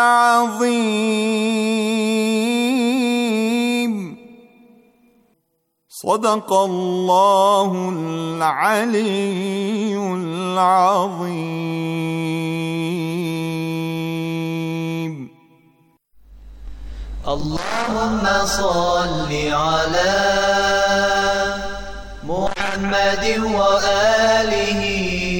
العظيم صدق الله العلي العظيم اللهم صل على محمد وآله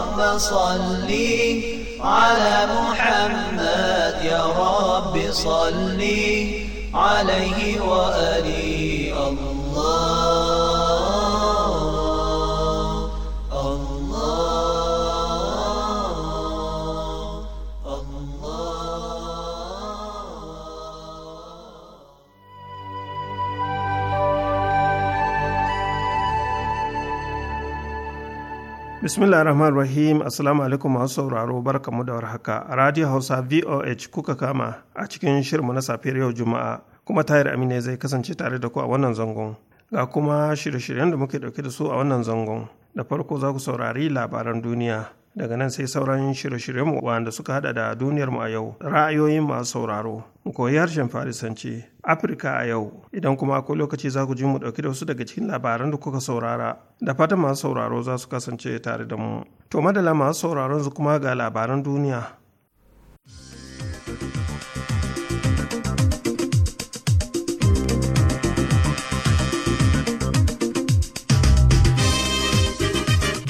اللهم صلي على محمد يا رب صلي عليه وآله Bismillah rahman rahim Assalamu alaikum masu sauraro barka barkamu da warhaka. Radio Hausa VOH kuka kama a cikin shirmu na safiyar yau Juma'a kuma Tahir amina zai kasance tare da ku a wannan zangon. Ga kuma shirye-shiryen da muke dauke da su a wannan zangon. Da farko za ku saurari labaran duniya daga nan sai sauran shirye-shiryenmu wanda suka hada da duniyarmu a yau ra'ayoyin masu sauraro mu koyi harshen farisanci afirka a yau idan kuma akwai lokaci za ku ji mu dauki da wasu daga cikin labaran da kuka saurara da fatan masu sauraro za su kasance tare da mu to madala masu sauraron su kuma ga labaran duniya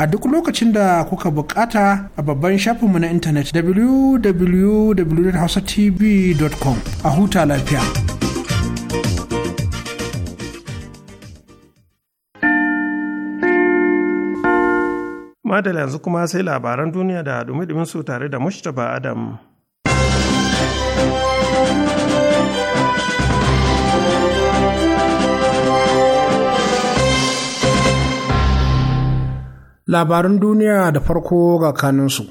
a duk lokacin da kuka bukata a babban shafinmu na intanet www.hausatv.com a huta lafiya. Madala yanzu kuma sai labaran duniya da dumi su tare da Mustapha Adam. Labarin duniya da farko ga kanunsu.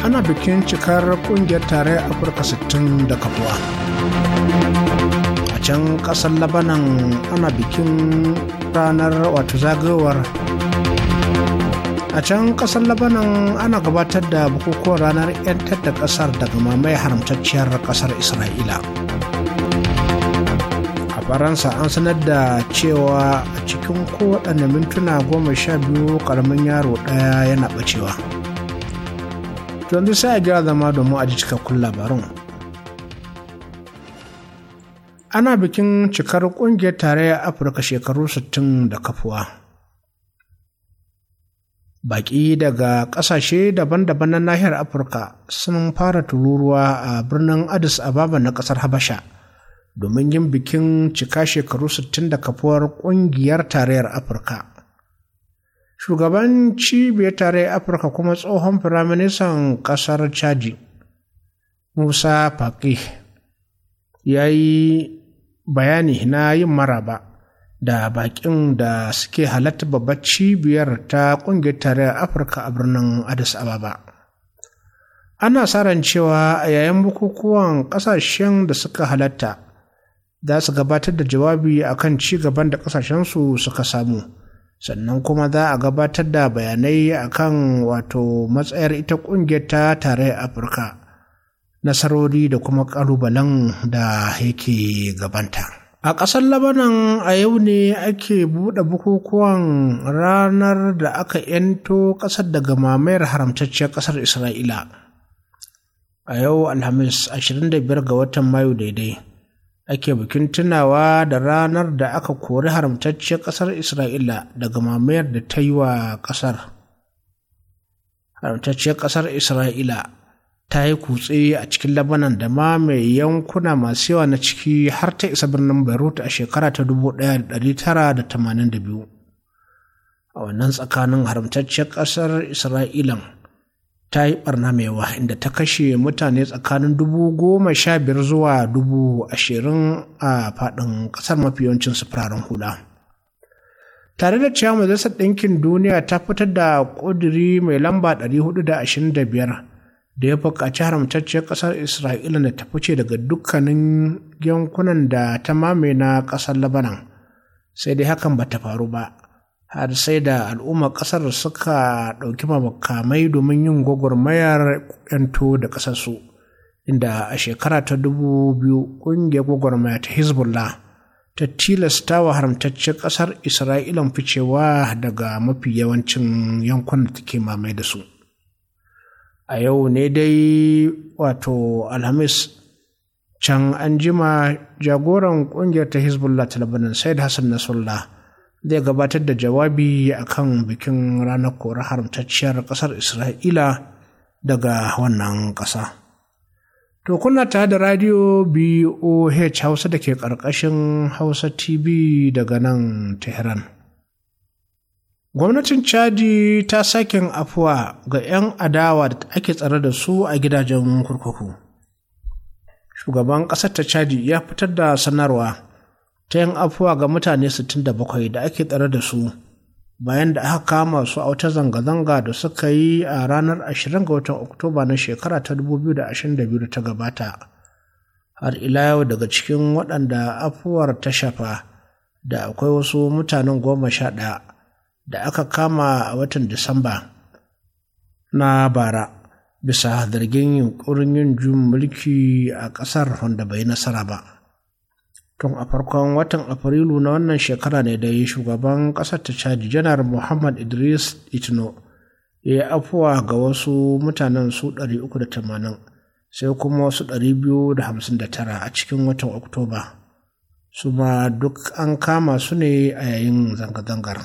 Ana bikin cikar kungiyar a Afirka 60 da kafuwa. A can ƙasar Labanan ana bikin ranar wato zagawar a can kasar labanan ana gabatar da bukukuwan ranar 'yantar da kasar daga mamaye haramtacciyar kasar isra'ila faransa an sanar da cewa a cikin kowaɗanne mintuna goma sha biyu ƙaramin yaro ɗaya yana ɓacewa yanzu sai a gira zama domin a ji cikakkun labarin ana bikin cikar ƙungiyar tarayyar afirka shekaru 60 da kafuwa baƙi daga ƙasashe daban-daban na nahiyar afirka sun fara tururuwa a birnin addis ababa na ƙasar habasha domin yin bikin cika shekaru 60 da kafuwar ƙungiyar tarayyar afirka shugaban cibiyar tarayyar afirka kuma tsohon firaministan ƙasar chadi musa faki ya yi bayani na yin maraba da bakin da suke halatta babbar cibiyar ta ƙungiyar tarayyar afirka a birnin addis ababa ana sa ran cewa a yayin bukukuwan ƙasashen da suka halatta za su gabatar da jawabi akan ci gaban da ƙasashensu suka samu sannan kuma za a gabatar da bayanai a kan wato matsayar ita kungiyar ta tarayyar afirka nasarori da kuma ƙalubalen da yake gabanta. A ƙasar Labanan a yau ne ake buɗe bukukuwan ranar da aka ‘yanto ƙasar daga mamayar haramtacciyar ƙasar Isra'ila. A yau Alhamis 25 ga watan Mayu daidai. ake bikin tunawa da ranar da aka kori haramtacciyar ƙasar isra'ila daga mamayar da ta yi wa ƙasar haramtacciyar ƙasar isra'ila ta yi kutse a cikin labanan da ma mai yankuna masu yawa na ciki har ta isa birnin beirut a shekara ta da 1982 a wannan tsakanin haramtacciyar ƙasar isra'ilan ta yi barna mai yawa inda ta kashe mutane tsakanin dubu goma sha biyar zuwa dubu ashirin a faɗin ƙasar mafi yawancin sufurarin hula tare da cewa majalisar ɗinkin duniya ta fitar da ƙudiri mai lamba 425 da ya buƙaci haramtacciyar ƙasar isra'ila da ta fice daga dukkanin yankunan da ta mamaye na ƙasar labanan sai dai hakan ba ta faru ba har sai da al'ummar ƙasar suka ɗauki makamai domin yin gwagwarmayar 'yanto da ƙasarsu inda a shekara ta dubu biyu ƙungiyar gwagwarmaya ta hezbollah ta tilasta wa haramtaccen ƙasar isra'ilan ficewa daga mafi yawancin yankunan da take mamaye da su a yau ne dai wato alhamis can an jima jagoran kungiyar ta hezbollah ta labanin sai da hassan nasrallah zai gabatar da jawabi a kan bikin ranar kora haramtacciyar ƙasar isra'ila daga wannan ƙasa to kuna tare da radio boh hausa da ke ƙarƙashin hausa tv daga nan tehran gwamnatin chadi ta sakin afuwa ga 'yan adawa da ake tsare da su a gidajen kurkuku shugaban ƙasar ta chadi ya fitar da sanarwa ta yin afuwa ga mutane 67 da ake tsare da su bayan da aka kama su a wata zanga-zanga da suka yi a ranar 20 ga watan oktoba na shekara ta 2022 ta gabata har ila yau daga cikin waɗanda afuwar ta shafa da akwai wasu mutanen goma sha ɗaya da aka kama a watan disamba na bara bisa zargin yunkurin yin jun mulki a ƙasar wanda bai nasara ba. tun a farkon watan afrilu na wannan shekara ne da yi shugaban ƙasar ta chad janar muhammad idris itno ya yi afuwa ga wasu mutanen su 380 sai kuma wasu 259 a cikin watan oktoba su ma duk an kama su ne a yayin zanga-zangar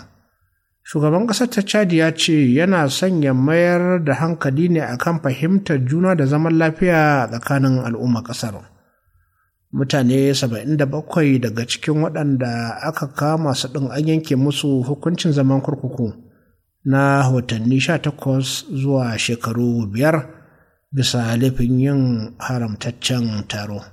shugaban ƙasar ta chad ya ce yana sanya mayar da hankali ne akan fahimtar juna da zaman lafiya a tsakanin al'umma ƙasar. mutane 77 daga cikin waɗanda aka kama su ɗin an yanke musu hukuncin zaman kurkuku na watanni 18 zuwa shekaru biyar bisa laifin yin haramtaccen taro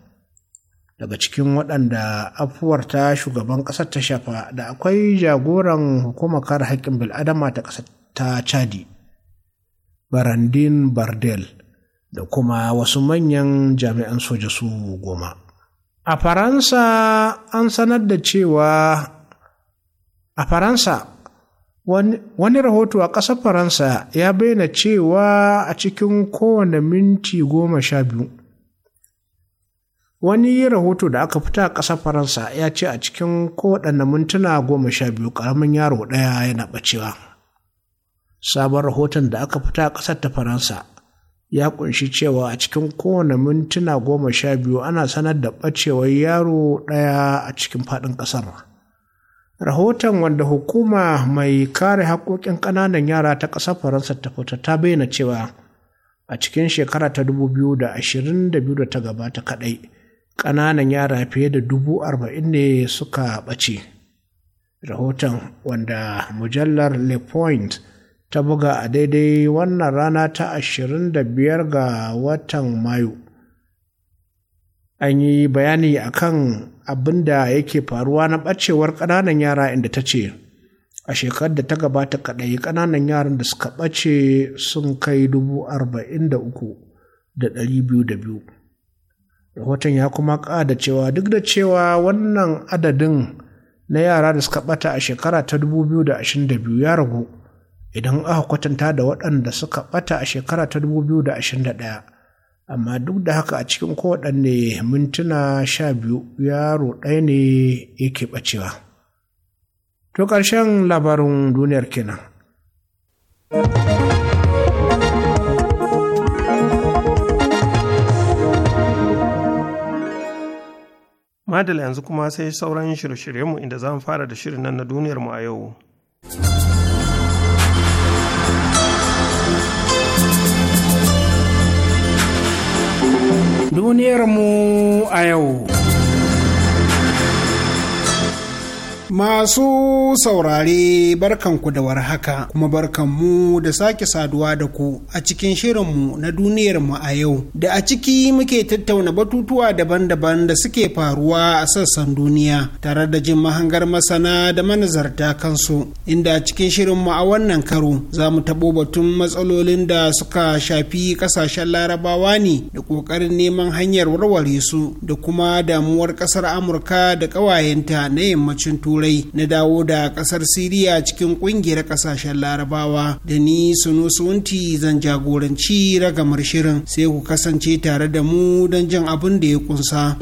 daga cikin waɗanda afuwar ta shugaban ƙasar ta shafa da akwai jagoran hukumar kare haƙƙin bil'adama ta ƙasar ta chadi barandin bardel da kuma wasu manyan jami'an soja su goma A Faransa an sanar da cewa a Faransa wani, rahoto a ƙasar Faransa ya bayyana cewa a cikin kowane minti goma sha biyu. Wani rahoto da aka fita a ƙasar Faransa ya ce a cikin kowane mintuna goma sha biyu ƙaramin yaro ɗaya yana ɓacewa. Sabon rahoton da aka fita a ƙasar ta Faransa ya kunshi cewa a cikin kowane mintuna goma sha biyu ana sanar da ɓacewar yaro ɗaya a cikin faɗin ƙasar. Rahoton wanda hukuma mai kare haƙoƙin ƙananan yara ta ƙasar Faransa ta fita ta bayyana cewa a cikin shekara ta 2022 da ta gabata kaɗai, ƙananan yara fiye da dubu arba'in ne suka ɓace. Rahoton wanda mujallar Le Point ta buga a daidai wannan rana ta 25 ga watan mayu an yi bayani akan abin da yake faruwa na ɓacewar ƙananan yara inda ta ce a shekarar da ta gabata kaɗai ƙananan yaran da suka ɓace sun kai dubu arba'in da uku da ɗari biyu da biyu rahoton ya kuma ƙada cewa duk da cewa wannan adadin na yara da suka ɓata a shekara ta dubu biyu da ashirin da biyu ya ragu idan aka kwatanta da waɗanda suka ɓata a shekara ta 2021 amma duk da haka a cikin kowaɗanne mintuna sha biyu yaro ɗaya ne yake ɓacewa to ƙarshen labarin duniyar kenan. Madal yanzu kuma sai sauran shirye-shiryenmu inda za mu fara da shirin nan na duniyarmu a yau. duniyarmu a yau. Masu saurare barkanku da warhaka kuma barkanmu da sake saduwa da ku a cikin shirinmu na duniyarmu a yau da a ciki muke tattauna batutuwa daban-daban da suke faruwa a sassan duniya tare da jin mahangar masana da manazarta kansu inda a cikin shirinmu a wannan karo za mu taɓo batun matsalolin da suka shafi ƙasashen larabawa ne da ƙoƙarin neman hanyar warware su da kuma damuwar ƙasar amurka da ƙawayenta na yammacin turai turai na dawo da kasar siriya cikin kungiyar kasashen larabawa da ni sunu sunti zan jagoranci ragamar shirin sai ku kasance tare da mu don jin abin da ya kunsa.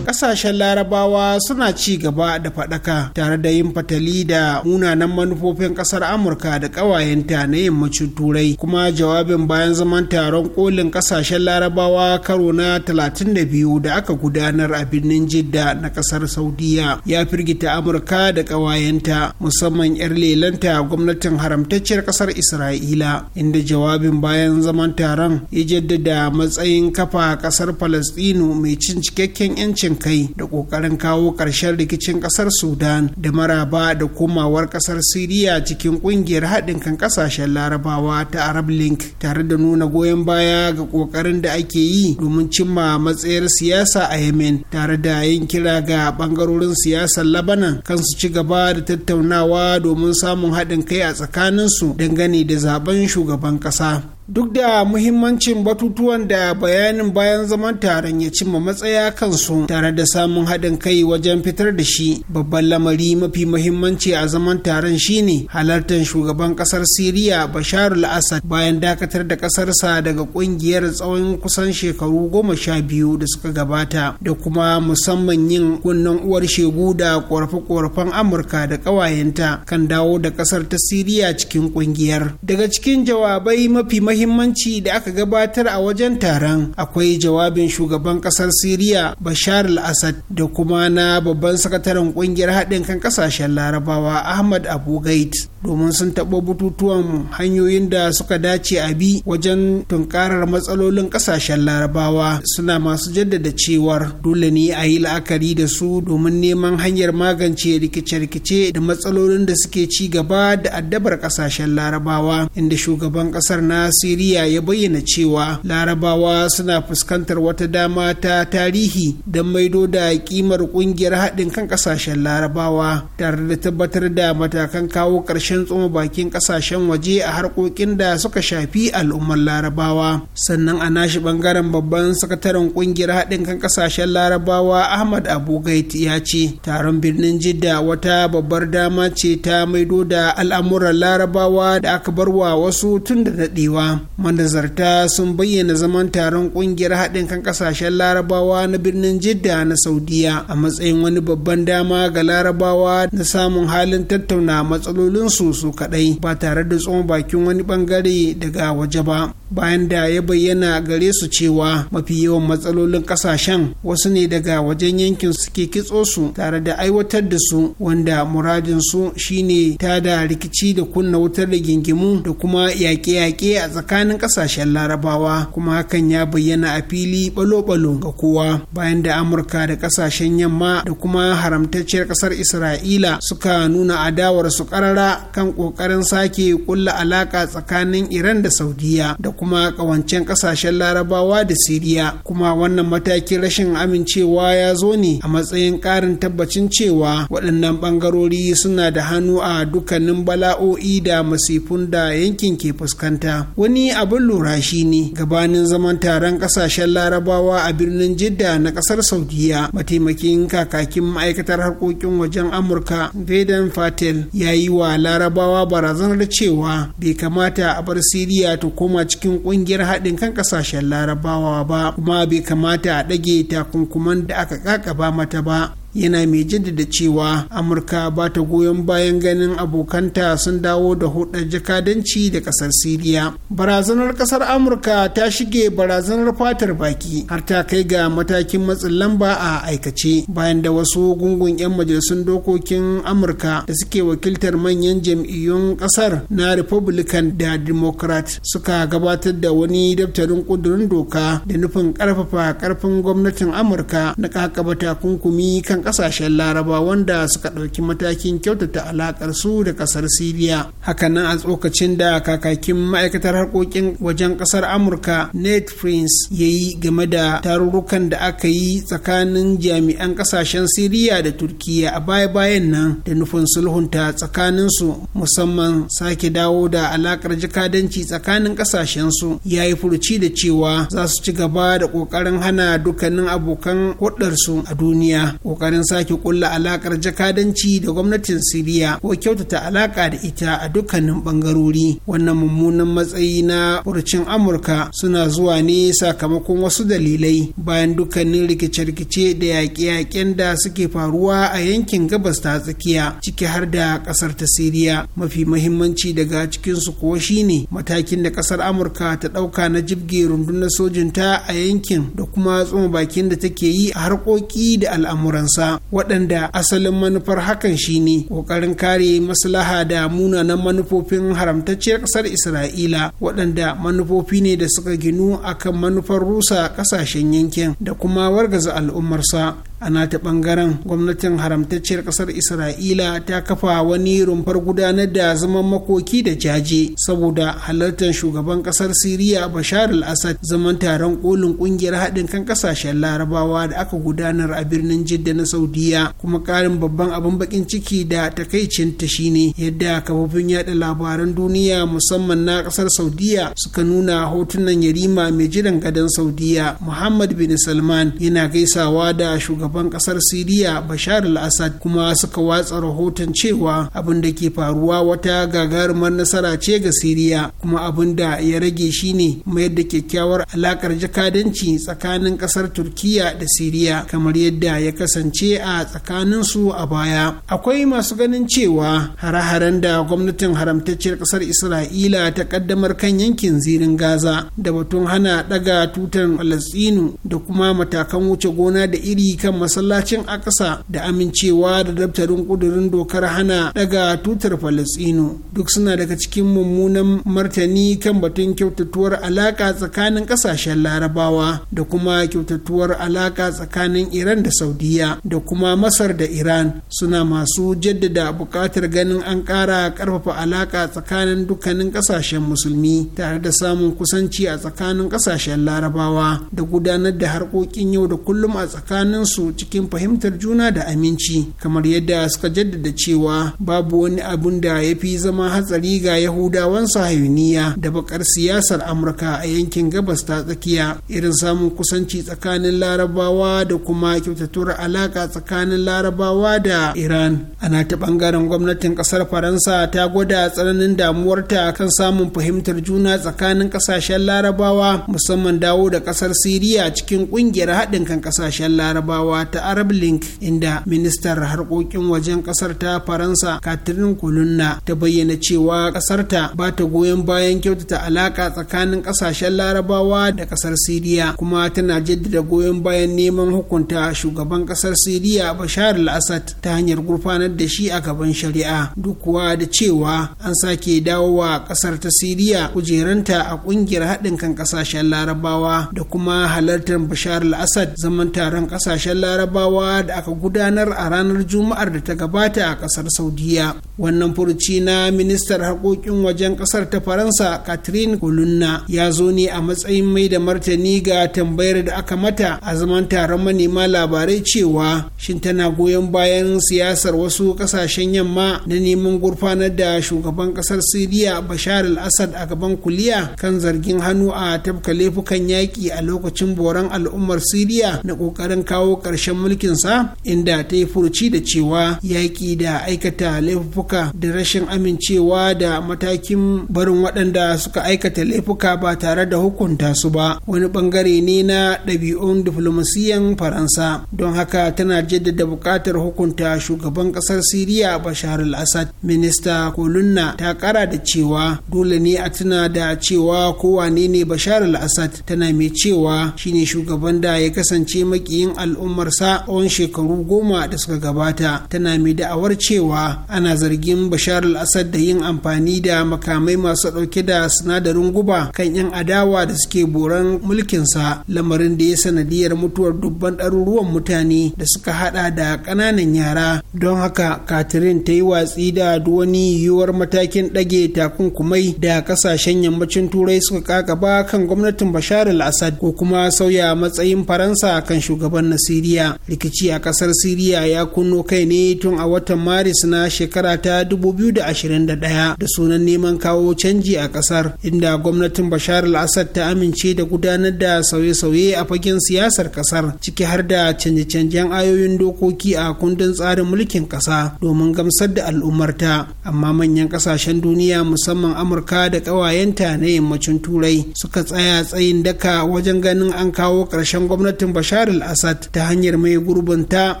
kasashen larabawa suna ci gaba da faɗaka tare da yin fatali da munanan manufofin ƙasar amurka da ƙawayenta na yammacin turai kuma jawabin bayan zaman taron kolin ƙasashen larabawa karo na 32 da aka gudanar a birnin jidda na ƙasar saudiya ya firgita amurka da ƙawayenta musamman 'yar lelanta gwamnatin haramtacciyar ƙasar isra'ila inda jawabin bayan zaman taron ya jaddada matsayin kafa ƙasar falastinu mai cin cikakken 'yancin kai kai da ƙoƙarin kawo ƙarshen rikicin ƙasar sudan da maraba da komawar ƙasar siriya cikin ƙungiyar haɗin kan ƙasashen larabawa ta arab link tare da nuna goyon baya ga ƙoƙarin da ake yi domin cimma matsayar siyasa a yemen tare da yin kira ga ɓangarorin siyasar labanan kan su ci gaba da tattaunawa domin samun haɗin kai a tsakaninsu dangane da zaben shugaban ƙasa duk da muhimmancin batutuwan da bayanin bayan zaman taron ya cimma matsaya kansu tare da samun haɗin kai wajen fitar da shi babban lamari mafi muhimmanci a zaman taron shine halartar shugaban ƙasar siriya bashar al-assad bayan dakatar da ƙasarsa daga ƙungiyar tsawon kusan shekaru goma sha biyu da suka gabata da kuma musamman yin kunnen uwar shegu da ƙorafe-ƙorafen amurka da ƙawayenta kan dawo da ƙasar ta siriya cikin ƙungiyar daga cikin jawabai mafi muhimmanci da aka gabatar a wajen taron akwai jawabin shugaban kasar siriya bashar al-assad da kuma na babban sakataren kungiyar haɗin kan kasashen larabawa ahmad abu gait domin sun taɓa bututuwan hanyoyin da suka dace a bi wajen tunkarar matsalolin ƙasashen larabawa suna masu jaddada cewar dole ne a yi la'akari da su domin neman hanyar magance rikice-rikice da matsalolin da suke ci gaba da addabar ƙasashen larabawa inda shugaban ƙasar na siriya ya bayyana cewa larabawa suna fuskantar wata dama ta tarihi don maido da ƙimar ƙungiyar haɗin kan ƙasashen larabawa tare da tabbatar da matakan kawo ƙarshen batun tsoma bakin kasashen waje a harkokin da suka shafi al'ummar larabawa sannan a nashi bangaren babban sakataren ƙungiyar haɗin kan kasashen larabawa ahmad abu gaiti ya ce taron birnin jidda wata babbar dama ce ta maido da al'amuran larabawa da aka bar wa wasu tun da daɗewa manazarta sun bayyana zaman taron ƙungiyar haɗin kan kasashen larabawa na birnin jidda na saudiya a matsayin wani babban dama ga larabawa na samun halin tattauna matsalolinsu su su kaɗai ba tare da tsohon bakin wani bangare daga waje ba bayan da ya bayyana gare su cewa mafi yawan matsalolin ƙasashen wasu ne daga wajen yankin suke kitso su tare da aiwatar da su wanda muradin su shine ta da rikici da kunna wutar da gingimu da kuma yaƙe-yaƙe a tsakanin ƙasashen larabawa kuma hakan ya bayyana a fili balo-balo ga kowa bayan da amurka da ƙasashen yamma da kuma haramtacciyar ƙasar isra'ila suka nuna adawar su ƙarara kan ƙoƙarin sake kulla alaƙa tsakanin Iran da Saudiya da kuma ƙawancen ƙasashen Larabawa da Siriya kuma wannan matakin rashin amincewa ya zo ne a matsayin ƙarin tabbacin cewa waɗannan ɓangarori suna da hannu a dukkanin bala'o'i da masifun da yankin ke fuskanta wani abin lura shi ne gabanin zaman taron ƙasashen Larabawa a birnin Jidda na ƙasar Saudiya mataimakin kakakin ma'aikatar harkokin wajen Amurka Vedan Fatel ya yi wa larabawa barazanar cewa bai kamata a bar siriya ta koma cikin kungiyar haɗin kan ƙasashen larabawa ba kuma bai kamata a ɗage takunkuman da aka ƙaƙaba mata ba yana mai jaddada cewa amurka ba ta goyon bayan ganin abokanta sun dawo da hudar jakadanci da kasar siriya barazanar kasar amurka ta shige barazanar fatar baki har ta kai ga matakin matsin lamba a aikace bayan da wasu gungun 'yan majalisun dokokin amurka da suke wakiltar manyan jam'iyyun kasar na republican da democrat suka gabatar da wani daftarin kudurin doka da nufin ƙarfafa karfin gwamnatin amurka na kakaba takunkumi kan kasashen laraba wanda suka ɗauki matakin kyautata alaƙar su da ƙasar siriya hakanan a tsokacin da kakakin ma'aikatar harkokin wajen ƙasar amurka net prince ya yi game da tarurrukan da aka yi tsakanin jami'an ƙasashen siriya da turkiya a baya-bayan nan da nufin sulhunta tsakanin su musamman sake dawo da alaƙar jakadanci tsakanin ƙasashen su ya yi furuci da cewa za su ci gaba da ƙoƙarin hana dukkanin abokan hudarsu a duniya ƙoƙarin ƙoƙarin sake ƙulla alakar jakadanci da gwamnatin siriya ko kyautata alaƙa da ita a dukkanin ɓangarori wannan mummunan matsayi na furcin amurka suna zuwa ne sakamakon wasu dalilai bayan dukkanin rikice-rikice da yaƙe-yaƙen da suke faruwa a yankin gabas ta tsakiya ciki har da ƙasar ta siriya mafi mahimmanci daga cikinsu kuwa shine matakin da ƙasar amurka ta ɗauka na jibge rundunar sojinta a yankin da kuma tsuma bakin da take yi a harkoki da al'amuransa kansa waɗanda asalin manufar hakan shine ƙoƙarin kare maslaha da munanan manufofin haramtacciyar ƙasar isra'ila waɗanda manufofi ne da suka ginu akan manufar rusa ƙasashen yankin da kuma wargaza al'ummarsa a nata bangaren gwamnatin haramtacciyar kasar isra'ila ta kafa wani rumfar gudanar da zaman makoki da jaje saboda halartar shugaban kasar siriya bashar al-assad zaman taron kolin kungiyar haɗin kan ƙasashen larabawa da aka gudanar a birnin jidda na saudiya kuma ƙarin babban abin bakin ciki da takaicin ta shine yadda kafofin yada labaran duniya musamman na ƙasar saudiya suka nuna hotunan yarima mai jiran gadon saudiya muhammad bin salman yana gaisawa da shugaban shugaban kasar siriya bashar al-assad kuma suka watsa rahoton cewa abin da ke faruwa wata gagarumar nasara ce ga siriya kuma abin da ya rage shine mayar da kyakkyawar alakar jakadanci tsakanin kasar turkiya da siriya kamar yadda ya kasance a tsakanin su a baya akwai masu ganin cewa hare-haren da gwamnatin haramtacciyar kasar isra'ila ta kaddamar kan yankin zirin gaza da batun hana daga tutar falastinu da kuma matakan wuce gona da iri kan masallacin akasa da amincewa da daftarin kudurin dokar hana daga tutar falasino duk suna daga cikin mummunan martani kan batun kyautatuwar alaka tsakanin ƙasashen larabawa da kuma kyautatuwar alaka tsakanin iran da saudiya da kuma masar da iran suna masu jaddada buƙatar ganin an ƙara ƙarfafa alaka tsakanin dukkanin ƙasashen musulmi tare da samun kusanci a tsakanin ƙasashen larabawa da gudanar da harkokin yau da kullum a tsakaninsu cikin fahimtar juna da aminci kamar yadda suka jaddada cewa babu wani abun da ya fi zama hatsari ga yahudawan sahayuniya da bakar siyasar amurka a yankin gabas ta tsakiya irin samun kusanci tsakanin larabawa da kuma kyautatuwar alaka tsakanin larabawa da iran ana ta bangaren gwamnatin kasar faransa ta gwada tsananin damuwarta kan samun fahimtar juna tsakanin kasashen larabawa musamman dawo da kasar siriya cikin kungiyar haɗin kan kasashen larabawa sadarwa ta arab link inda ministar harkokin wajen kasar ta faransa catherine kulunna ta bayyana cewa kasar ta ba ta goyon bayan kyautata alaka tsakanin kasashen larabawa da kasar siriya kuma tana jaddada goyon bayan neman hukunta shugaban kasar siriya bashar al-assad ta hanyar gurfanar da shi a gaban shari'a duk kuwa da cewa an sake dawo wa kasar ta siriya kujeranta a kungiyar haɗin kan kasashen larabawa da kuma halartar bashar al-assad zaman taron kasashen larabawa da aka gudanar a ranar juma'ar da ta gabata a kasar saudiya wannan furuci na ministar harkokin wajen kasar ta faransa catherine colonna ya zo ne a matsayin mai da martani ga tambayar da aka mata a zaman taron manema labarai cewa shin tana goyon bayan siyasar wasu kasashen yamma na neman gurfanar da shugaban kasar siriya bashar al-assad a gaban kuliya kan zargin hannu a tafka laifukan yaƙi a lokacin boran al'ummar siriya na ƙoƙarin kawo ƙarshen ƙarshen mulkinsa inda ta yi furuci da cewa yaƙi da aikata laifuka da rashin amincewa da matakin barin waɗanda suka aikata laifuka ba tare da hukunta su ba wani ɓangare ne na ɗabi'un diflomasiyan faransa don haka tana jaddada buƙatar hukunta shugaban ƙasar siriya bashar al-assad minista kolunna ta ƙara da cewa dole ne a tuna da cewa kowane ne bashar al-assad tana mai cewa shine shugaban da ya kasance makiyin al'ummar mutuwarsa tsawon shekaru goma da suka gabata tana mai da'awar cewa ana zargin bashar al-assad da yin amfani da makamai masu ɗauke da sinadarin guba kan 'yan adawa da suke boran mulkinsa lamarin da ya sanadiyar mutuwar dubban ɗaruruwan mutane da suka hada da ƙananan yara don haka catherine ta yi watsi da wani yiwuwar matakin ɗage takunkumai da ƙasashen yammacin turai suka kakaba kan gwamnatin bashar al-assad ko kuma sauya matsayin faransa kan shugaban nasiriya siriya rikici a kasar siriya ya kunno kai ne tun a watan maris na shekara ta 2021 da sunan neman kawo canji a kasar inda gwamnatin bashar al-assad ta amince da gudanar da sauye-sauye a fagen siyasar kasar ciki har da canje-canjen ayoyin dokoki a kundin tsarin mulkin kasa domin gamsar da al'ummarta amma manyan kasashen duniya musamman amurka da ƙawayenta na yammacin turai suka tsaya tsayin daka wajen ganin an kawo ƙarshen gwamnatin bashar al-assad ta hanyar mai gurbinta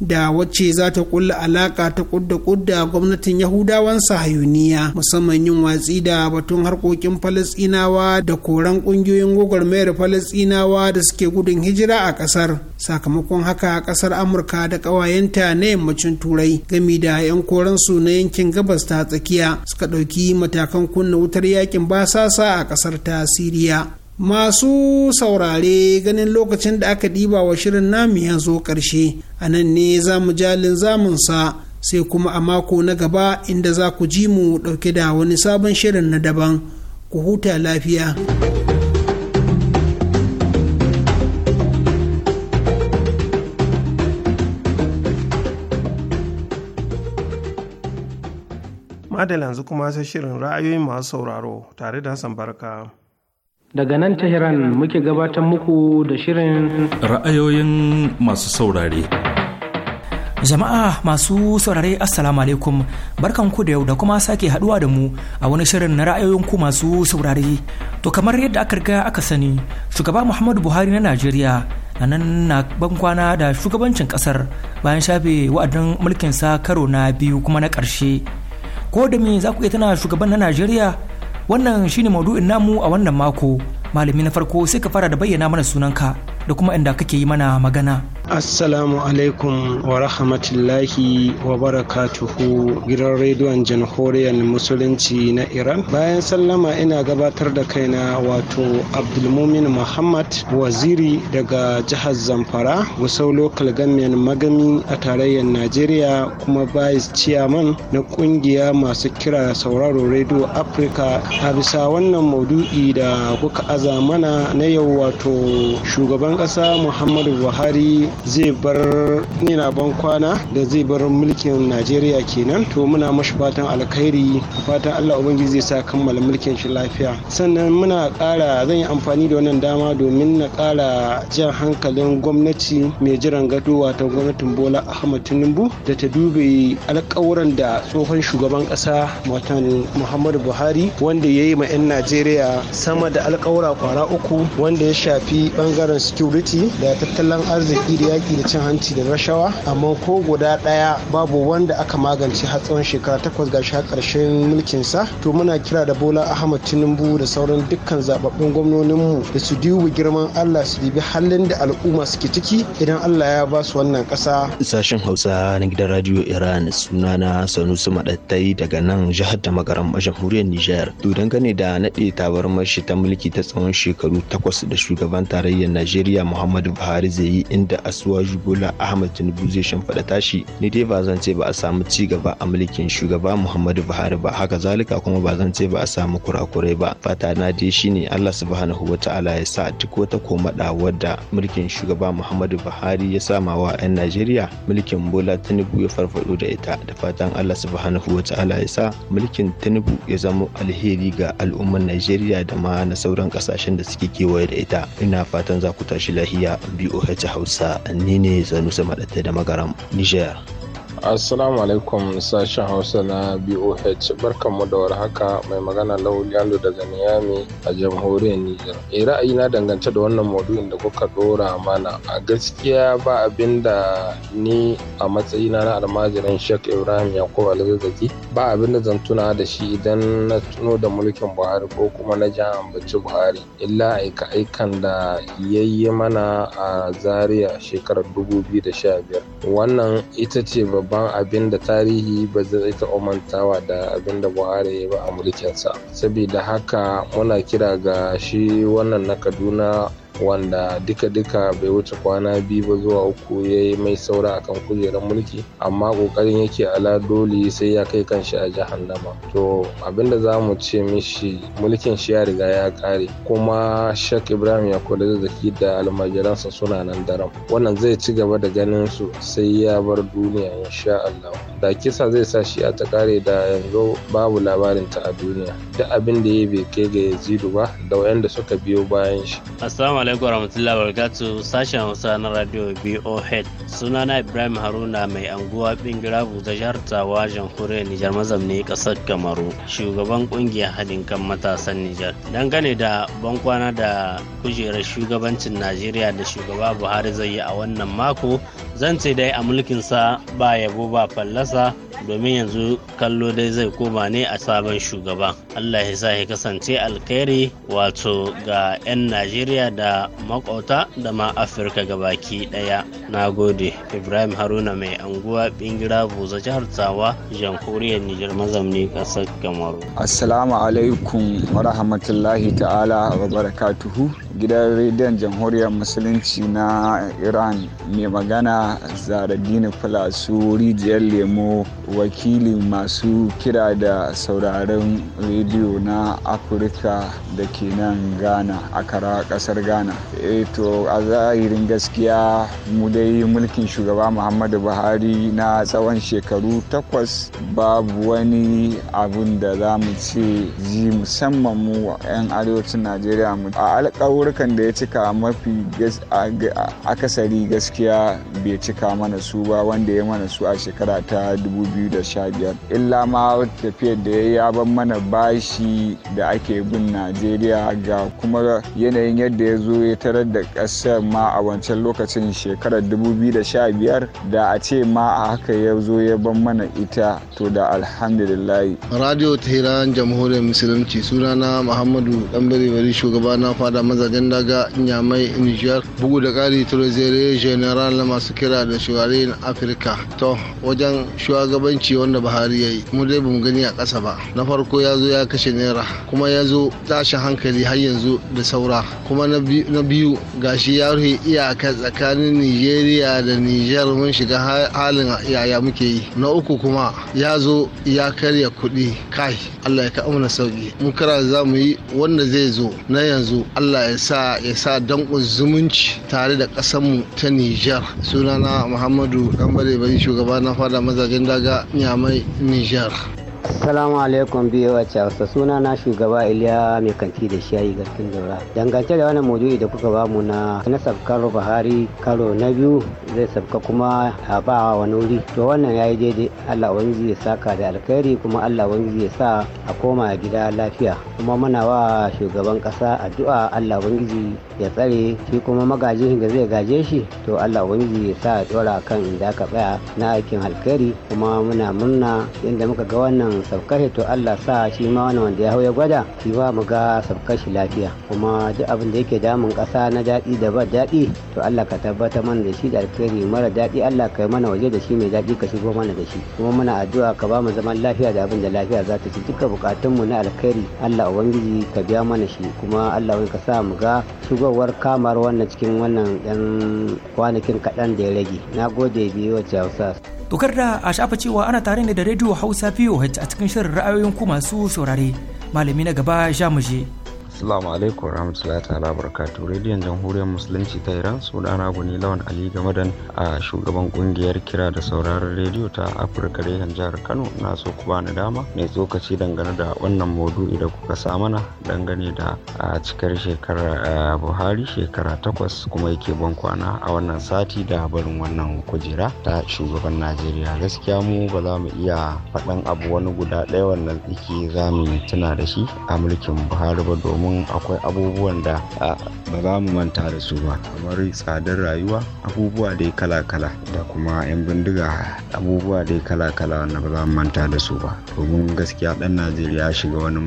da wacce za ta kulla alaka ta kudda kudda gwamnatin yahudawan sahayuniya musamman yin watsi da batun harkokin falasinawa da koran kungiyoyin gwagwarmayar falasinawa da suke gudun hijira a kasar sakamakon haka kasar amurka da kawayenta na yammacin turai gami da 'yan su na yankin gabas ta tsakiya suka ɗauki matakan kunna wutar yakin basasa a kasar ta siriya masu saurare ganin lokacin da aka ɗiba wa shirin namu ya zo ƙarshe a nan ne za mu jalin zamunsa sai kuma a mako na gaba inda za ku ji mu ɗauke da wani sabon shirin na daban ku huta lafiya. Madalla yanzu kuma sai shirin ra'ayoyin masu sauraro tare da Hassan Barka. Daga nan Tehran muke gabatar muku da shirin ra'ayoyin masu saurare. Jama'a masu saurare Assalamu alaikum barkan ku da yau da kuma sake haduwa da mu a wani shirin na ra'ayoyin ku masu saurare. To kamar yadda aka riga aka sani shugaba Muhammadu Buhari na Najeriya a nan na ban kwana da shugabancin kasar bayan shafe wa'adin mulkin sa karo na biyu kuma na ƙarshe. Ko da me za ku iya tana shugaban na Najeriya Wannan shine maudu'in namu a wannan mako. Malami na farko sai ka fara da bayyana mana sunanka da kuma inda kake yi mana magana. Assalamu alaikum wa rahmatullahi wa barakatuhu gidan rediyon jamhuriyar musulunci na Iran. Bayan sallama ina gabatar da kaina wato Abdulmumin Muhammad waziri daga jihar Zamfara, Gusau Local Government Magami a tarayyar Najeriya kuma Vice Chairman na kungiya masu kira sauraro rediyo afirka a bisa wannan maudu'i da kuka aza mana na yau wato shugaban shugaban ƙasa muhammadu buhari zai bar ban kwana da zai bar mulkin najeriya kenan to muna mashi fatan alkhairi fatan allah ubangiji zai sa kammala mulkin shi lafiya sannan muna kara zan yi amfani da wannan dama domin na kara jan hankalin gwamnati mai jiran gado wato gwamnatin bola ahmad tinubu da ta dube alƙawuran da tsohon shugaban kasa watan muhammadu buhari wanda ya yi ma 'yan najeriya sama da alƙawura kwara uku wanda ya shafi bangaren security security da tattalin arziki da yaki da cin hanci da rashawa amma ko guda daya babu wanda aka magance har tsawon shekara takwas ga shi har karshen mulkin sa to muna kira da bola ahmad tinubu da sauran dukkan zababbun mu da su dubi girman allah su dubi halin da al'umma suke ciki idan allah ya ba su wannan kasa sashen hausa na gidan radio iran sunana sanusi madattai daga nan jihar da magaran jamhuriyar nijar to dangane da naɗe tabarmar shi ta mulki ta tsawon shekaru takwas da shugaban tarayyar najeriya Nigeria muhammadu buhari zai yi inda asuwaju bola ahmad tinubu zai shimfiɗa tashi ni dai ba zan ce ba a samu ci gaba a mulkin shugaba muhammadu buhari ba haka zalika kuma ba zan ce ba a samu kurakurai ba fata na dai shine allah subhanahu wata'ala ya sa duk wata komada wadda mulkin shugaba muhammadu buhari ya sama wa 'yan najeriya mulkin bola tinubu ya farfado da ita da fatan allah subhanahu wata'ala ta'ala ya sa mulkin tinubu ya zama alheri ga al'ummar najeriya da ma na sauran kasashen da suke kewaye da ita ina fatan za ku tashi tashi lahiya BOH Hausa ni ne Sanusi maɗata da Magaram Niger. Assalamu alaikum sashen Hausa na BOH mu da warhaka mai magana Lauliyalo daga Niyami a jamhuriyar Nijar. E ra'ayina dangance da wannan maudu'in da kuka dora mana a gaskiya ba abin ni a matsayina na almajirin Sheikh Ibrahim Yakubu Alzazzaki ba abin da zan tuna da shi idan na tuno da mulkin Buhari ko kuma na an ambaci Buhari illa aika aikan da ya yi mana a Zaria shekarar 2015 wannan ita ce babban abin da tarihi ba zai taɓa mantawa da abin da buhari ya ba a mulkinsa Sabida haka muna kira ga shi wannan na kaduna wanda duka-duka bai wuce kwana biyu ba zuwa uku ya yi mai saura a kan kujerar mulki amma kokarin yake ala doli sai ya kai kan shi a jahannama to abinda za mu ce mishi mulkin shi ya riga ya ƙare. kuma shek ibrahim ya kula da zaki da almajiransa suna nan daram wannan zai ci gaba da ganin su sai ya bar duniya insha allah da kisa zai sa shi a ta kare da yanzu babu labarin ta a duniya duk abin da ya bai kai ga yazidu ba da wayanda suka biyo bayan shi assalamu alaikum warahmatullahi wabarakatuh sashen hausa na radio boh sunana ibrahim haruna mai anguwa bingirabu da jihar tawa jamhuriyar nijar mazamne kasar kamaru shugaban kungiyar haɗin kan matasan nijar dangane da bankwana da kujerar shugabancin najeriya da shugaba buhari zai yi a wannan mako zan ce dai a mulkinsa ba yabo ba fallasa kasa domin yanzu kallo dai zai koma ne a sabon shugaba allah ya sa ya kasance alkhairi wato ga 'yan najeriya da makauta da ma afirka gabaki daya na gode ibrahim haruna mai anguwa bingira buza jihar tawa jamhuriyar nijar mazamni kasar kamaru assalamu alaikum wa rahmatullahi ta'ala wa barakatuhu gidan rediyon jamhuriyar musulunci na iran mai magana zaradini fulasu rijiyar lemo samu wakili masu kira da sauraron rediyo na afirka da ke nan ghana a kara kasar ghana eh to a zahirin gaskiya mu dai mulkin shugaba muhammadu buhari na tsawon shekaru takwas babu wani abun da za mu ce ji musamman mu 'yan arewacin najeriya mu a alkawurkan da ya cika mafi akasari gaskiya bai cika mana su ba wanda ya mana su a shekara ta 2015 illa ma tafiyar da ya yi ya ban mana bashi da ake bin najeriya ga kuma yanayin yadda ya zo ya tarar da ƙasar ma a wancan lokacin shekarar 2015 da a ce ma a haka ya zo ya ban mana ita to da alhamdulillah radio tehran jamhuriyar musulunci sunana muhammadu dambare bari shugaba na fada mazajen daga nyamai niger bugu da kari turozere general na masu kira da shugarin afirka to wajen shugabanci wanda Buhari ya yi mu dai bamu gani a ƙasa ba na farko ya zo ya kashe naira kuma ya zo tashin hankali har yanzu da saura kuma na biyu gashi ya rufe iyaka tsakanin Nigeria da Niger mun shiga halin yaya muke yi na uku kuma ya zo ya karya kuɗi kai Allah ya ka amina sauki mu kira za mu yi wanda zai zo na yanzu Allah ya sa ya sa danƙon zumunci tare da ƙasarmu ta Niger sunana Muhammadu bare Bari shugaba na fada maza magajin daga nyamai nijar Salamu alaikum biyu a Hausa suna na shugaba Iliya mai kanti da shayi garkin daura. Dangance da wannan maudu'i da kuka bamu na na sabkar Buhari karo na biyu zai sabka kuma a ba wani wuri. To wannan ya yayi daidai Allah wani ya saka da alkhairi kuma Allah wani ya sa a koma gida lafiya. Kuma muna wa shugaban kasa addu'a Allah wani ya tsare shi kuma magaji da zai gaje shi to Allah wani ya sa tsora kan inda aka tsaya na aikin alkhairi kuma muna murna inda muka ga wannan sabkar to Allah sa shi ma wannan wanda ya hau ya gwada shi ba mu ga sabkashi lafiya kuma duk abin da yake damun kasa na daɗi da ba daɗi to Allah ka tabbatar mana da shi da alkhairi mara daɗi Allah kai mana waje da shi mai daɗi ka shigo mana da shi kuma muna addu'a ka ba mu zaman lafiya da abin da lafiya za ta ci duka bukatunmu na alkhairi Allah ubangiji ka biya mana shi kuma Allah wai ka sa mu ga shigo zuwa kamar wannan cikin wannan yan kwanakin kaɗan da ya rage na gode biyu wacce hausa tokar da a shafa cewa ana tare ne da rediyo hausa voh a cikin shirin ra'ayoyin ku masu saurare malami na gaba jamuje Assalamu alaikum warahmatullahi ta'ala barakatuh. Rediyon Jamhuriyar Musulunci ta Iran sunana Guni Lawan Ali Gamadan a shugaban kungiyar kira da sauraron rediyo ta Afirka Rehan jihar Kano na so ku bani dama mai tsokaci dangane da wannan modu idan kuka sa mana dangane da a cikar shekara Buhari shekara takwas kuma yake ban kwana a wannan sati da barin wannan kujera ta shugaban Najeriya. Gaskiya mu ba za mu iya faɗan abu wani guda ɗaya wannan tsiki za mu tuna da shi a mulkin Buhari ba domin akwai abubuwan da ba za mu manta da su ba kamar tsadar rayuwa abubuwa ya kala-kala da kuma 'yan bindiga abubuwa ya kala-kala wanda ba za mu manta da su ba domin gaskiya ɗan najeriya ya shiga wani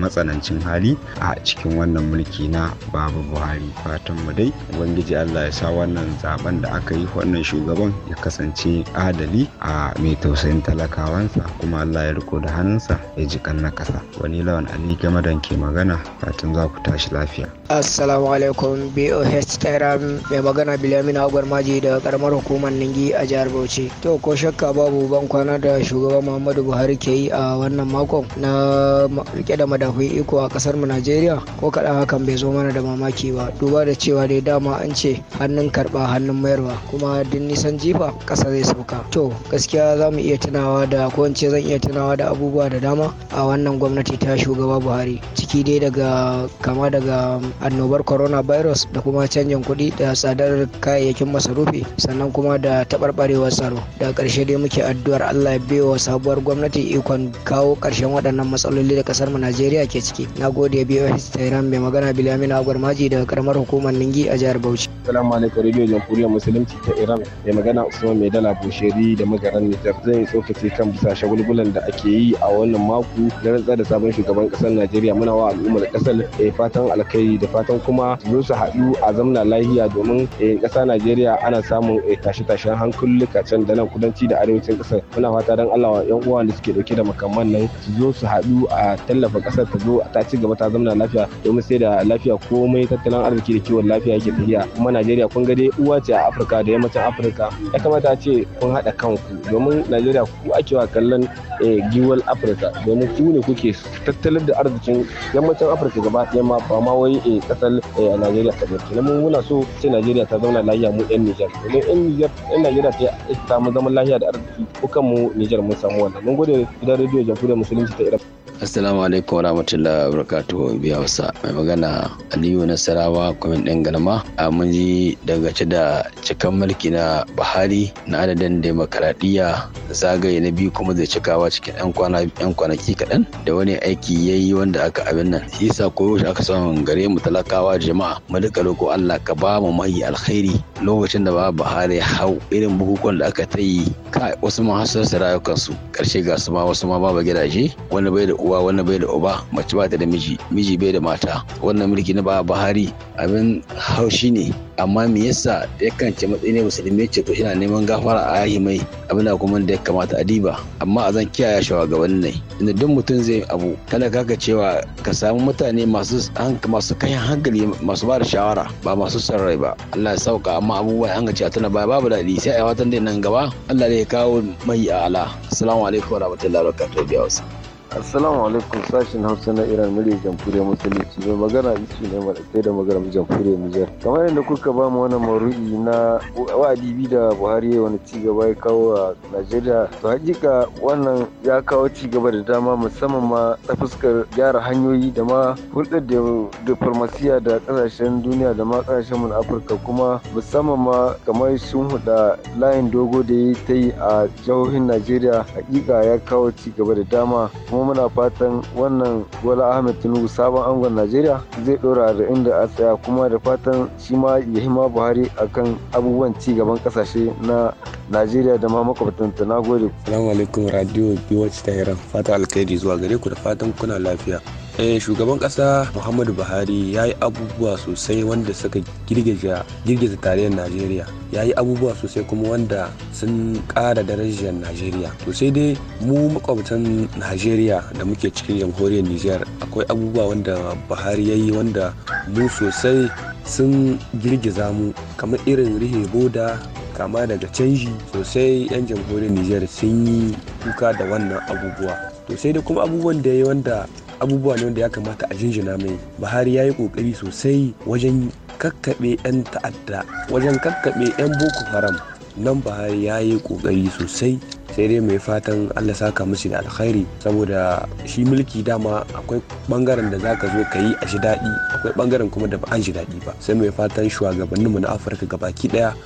matsanancin hali a cikin wannan mulki na babu buhari fatan mu dai ubangiji allah ya sa wannan zaben da aka yi wannan shugaban ya kasance adali a mai tausayin talakawansa kuma allah ya riko da hannunsa ya ji kan na kasa wani lawan ali da ke magana magana fatan za ku tashi lafiya. Assalamu alaikum BOH Tehran mai magana Bilyamin Agwar Maji daga karamar hukumar Ningi a jihar Bauchi. To ko shakka babu ban kwana da shugaban Muhammadu Buhari ke yi a wannan makon na rike da madafun iko a kasar mu Najeriya ko kaɗan hakan bai zo mana da mamaki ba duba da cewa dai dama an ce hannun karɓa hannun mayarwa kuma duk nisan jifa ƙasa zai sauka. To gaskiya za mu iya tunawa da ko in zan iya tunawa da abubuwa da dama a wannan gwamnati ta shugaba Buhari ciki dai daga kama daga annobar coronavirus da kuma canjin kuɗi da tsadar kayayyakin masarufi sannan kuma da taɓarɓarewar tsaro da karshe dai muke addu'ar allah ya biyo wa sabuwar gwamnati ikon kawo ƙarshen waɗannan matsaloli da ƙasar mu najeriya ke ciki na gode biyo tehran mai magana bilamina maji daga karamar hukumar ningi a jihar bauchi salamu alaikum radio jamhuriya musulunci ta iran mai magana usman mai dala bushiri da magaran nijar zan yi tsokaci kan bisa shagulgulan da ake yi a wannan mako na rantsar da sabon shugaban ƙasar najeriya muna wa al'ummar kasar eh, fatan alkai da fatan kuma su su haɗu a zamna lahiya domin eh, ƙasa najeriya ana samun eh, tashe-tashen hankulluka can da nan kudanci da arewacin ƙasar muna fata don allah yan uwa da suke dauke da makamman nan su zo su haɗu a tallafa ƙasar ta zo ta ci gaba ta zamna lafiya domin sai da lafiya komai tattalin arziki da kiwon lafiya yake tafiya kuma najeriya kun ga uwa ce a afirka da yammacin afirka ya kamata ce kun haɗa kanku domin najeriya ku ake wa kallon giwal afirka domin ku ne kuke tattalin da arzikin yamma. yammacin afirka gaba ɗaya ma ba ma wai eh, eh, a ƙasar najeriya ta ɗaya mun muna so sai najeriya ta zauna lahiya mu yan nijar domin yan nijar yan najeriya ta samu zaman lahiya da arziki ko mu nijar mun samu wannan mun gode gidan rediyo jamhuriyar musulunci ta irin Assalamu alaikum wa rahmatullahi wa barakatuhu biya wasa mai magana Aliyu Nasarawa kwamin ɗan galma a mun ji ci da cikan mulki na Buhari na adadin demokaradiyya zagaye na biyu kuma zai cikawa cikin yan kwana kwanaki kaɗan da wani aiki ya yi wanda aka abin nan isa ko shi aka samu gare mu talakawa jama'a mu duka roko Allah ka ba mu mai alkhairi lokacin da ba Buhari hau irin bukukuwan da aka ta yi ka wasu ma hasar rayukansu karshe ga su ma wasu ma babu gidaje wani bai da uwa wannan bai da uba mace ba ta da miji miji bai da mata wannan mulki na ba bahari abin haushi ne amma me yasa yakan ce matsayi ne musulmi ce to ina neman gafara a yahi mai abin da kuma da ya kamata a diba amma a zan kiyaye shugabannin ne inda duk mutum zai abu kana kaka cewa ka samu mutane masu masu kayan hankali masu ba da shawara ba masu son ba Allah ya sauka amma abubuwa an ga cewa tana ba babu daɗi sai a watan da nan gaba Allah zai kawo mai a ala assalamu alaikum warahmatullahi wabarakatuh Assalamu alaikum sashen Hausa na Iran murya jamhuriyar musulunci mai magana isu ne madakai da magana jamhuriyar Nijar. Kamar yadda kuka ba mu wannan maru'i na wa'adi bi da Buhari ya wani ci ya kawo a Najeriya. To hakika wannan ya kawo cigaba da dama musamman ma ta fuskar gyara hanyoyi da ma hulɗar da diplomasiya da ƙasashen duniya da ma ƙasashen mu na Afirka kuma musamman ma kamar sun huɗa layin dogo da ya ta yi a jihohin Najeriya hakika ya kawo cigaba da dama kuma kuma muna fatan wannan bola ahmed tinubu sabon angon najeriya zai dora da inda a tsaya kuma da fatan shi ma ya hima buhari akan abubuwan ci gaban kasashe na najeriya da ma makwabtanta na gode salamu alaikum radio biyu wacce ta fata alkhairi zuwa gare ku da fatan kuna lafiya Eh, shugaban ƙasa muhammadu buhari ya yi abubuwa sosai wanda suka girgiza tarayyar najeriya ya yi abubuwa sosai kuma wanda sun ƙara darajar najeriya to dai mu makwabtan najeriya da muke cikin jamhuriyar nijar akwai abubuwa wanda buhari ya yi wanda mu sosai sun girgiza mu kamar irin rihe boda kama daga canji sosai 'yan jamhuriyar nijar sun yi kuka da wannan abubuwa to sai da kuma abubuwan da ya yi wanda abubuwa ne wanda ya kamata a jinjina mai buhari ya yi kokari sosai wajen kakkaɓe 'yan ta'adda wajen kakkaɓe 'yan boko haram nan buhari ya yi kokari sosai sai dai mai fatan allah saka musu da alkhairi saboda shi mulki dama akwai bangaren da zaka zo ka yi a shi daɗi akwai bangaren kuma da ba an shi daɗi ba sai mai fatan shugabanninmu na afirka gabaki ɗaya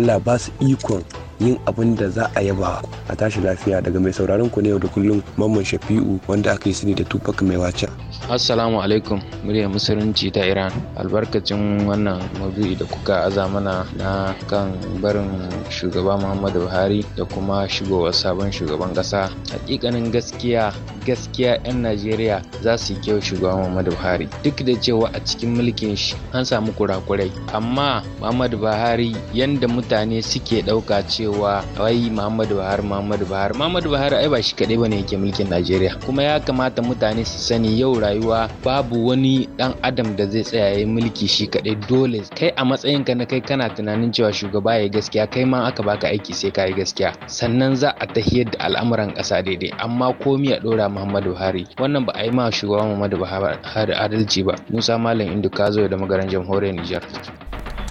Allah ba su ikon yin abin da za a yaba a tashi lafiya daga mai sauraron ku ne yau da kullum mamman shafi'u wanda aka yi sani da tupac mai wace assalamu alaikum muryar musulunci ta iran albarkacin wannan mabu'i da kuka aza mana na kan barin shugaba muhammadu buhari da kuma shigowar sabon shugaban kasa hakikanin gaskiya gaskiya 'yan najeriya za su yi kyau shugaba muhammadu buhari duk da cewa a cikin mulkin shi an samu kurakurai amma muhammadu buhari yanda mutane suke ɗauka cewa wai Muhammadu Buhari Muhammadu Buhari Muhammadu Buhari ai ba shi kaɗai bane yake mulkin Najeriya kuma ya kamata mutane su sani yau rayuwa babu wani ɗan adam da zai tsaya ya mulki shi kaɗai dole kai a matsayinka na kai kana tunanin cewa shugaba ya gaskiya kai ma aka baka aiki sai ka yi gaskiya sannan za a tahiyar da al'amuran ƙasa daidai amma komi a ɗora Muhammadu Buhari wannan ba a yi ma shugaba Muhammadu Buhari adalci ba Musa Malam Indu ka zo da magaran jamhuriyar Nijar.